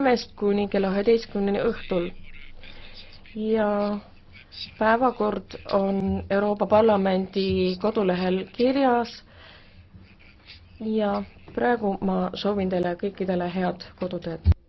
kolmest kuni kella üheteistkümneni õhtul. ja päevakord on Euroopa Parlamendi kodulehel kirjas ja praegu ma soovin teile kõikidele head kodutööd.